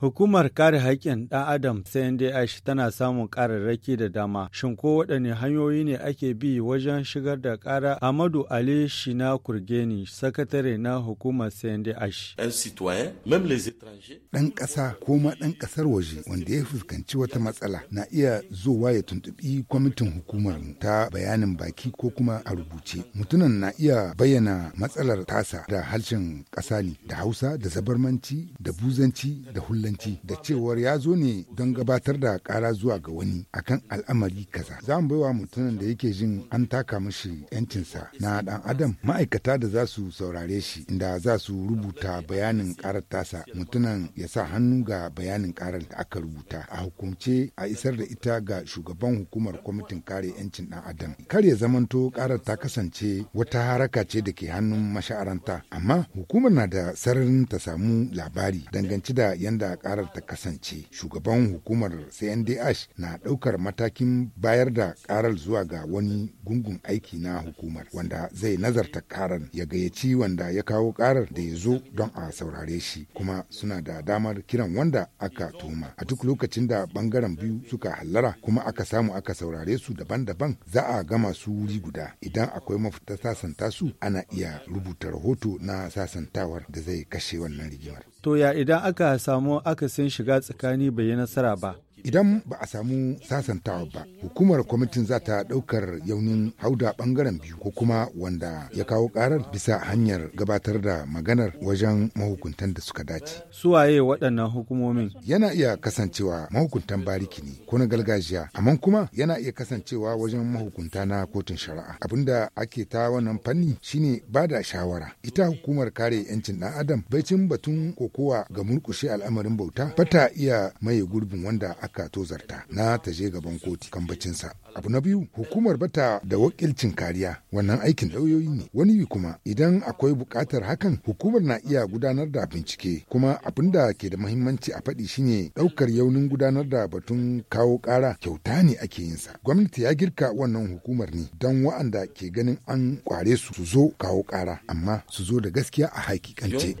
Hukumar kare haƙƙin ɗan Adam CNDH tana samun ƙararraki da dama. Shin ko waɗanne hanyoyi ne ake bi wajen shigar da ƙara Amadu Ali Shina Kurgeni, sakatare na hukumar CNDH. Ɗan ƙasa ko ma ɗan ƙasar waje wanda ya fuskanci wata matsala na iya zuwa ya tuntuɓi kwamitin hukumar mu ta bayanin baki ko kuma a rubuce. Mutunan na iya bayyana matsalar tasa da harshen ƙasa ne da Hausa da Zabarmanci da Buzanci da hula. dillanci da cewar ya zo ne don gabatar da kara zuwa ga wani akan al'amari kaza za mu baiwa mutumin da yake jin an taka mashi yancinsa na dan adam ma'aikata da za su saurare shi inda za su rubuta bayanin karar tasa mutumin ya sa hannu ga bayanin karar da aka rubuta a hukumce a isar da ita ga shugaban hukumar kwamitin kare yancin dan adam kar ya zamanto karar ta kasance wata haraka ce da ke hannun masha'aranta amma hukumar na da sararin ta samu labari dangance da yanda karar ta kasance shugaban hukumar cndh na ɗaukar matakin bayar da karar zuwa ga wani gungun aiki na hukumar wanda zai nazarta karar ya gayyaci wanda ya kawo karar da ya zo don a saurare shi kuma suna da damar kiran wanda aka tuhuma a duk lokacin da bangaren biyu suka hallara kuma aka samu aka saurare su daban-daban za a gama su wuri guda idan akwai mafita sasanta su ana iya rubuta rahoto na sasantawar da zai kashe wannan rigimar to ya idan aka samu aka akasin shiga tsakani bai yi nasara ba Idan ba a samu sasantawa ba, hukumar kwamitin za ta ɗaukar yaunin hauda bangaren biyu ko kuma wanda ya kawo ƙarar bisa hanyar gabatar da maganar wajen mahukuntan da suka dace. Su waye waɗannan hukumomin? Yana iya kasancewa mahukuntan bariki ne ko na gargajiya, amma kuma yana iya kasancewa wajen mahukunta na kotun shari'a. Abinda ake ta wannan fanni shine ba da shawara. Ita hukumar kare 'yancin dan adam baicin batun kokowa ga murƙushe al'amarin bauta Bata iya maye gurbin wanda aka aka tozarta na ta je gaban koti kambacinsa abu na biyu hukumar bata da wakilcin kariya wannan aikin lauyoyi ne wani kuma idan akwai bukatar hakan hukumar na iya gudanar da bincike kuma abin da ke da mahimmanci a faɗi shine ɗaukar yaunin gudanar da batun kawo ƙara kyauta ne ake yin sa gwamnati ya girka wannan hukumar ne don wa'anda ke ganin an kware su su zo kawo ƙara amma su zo da gaskiya a hakikance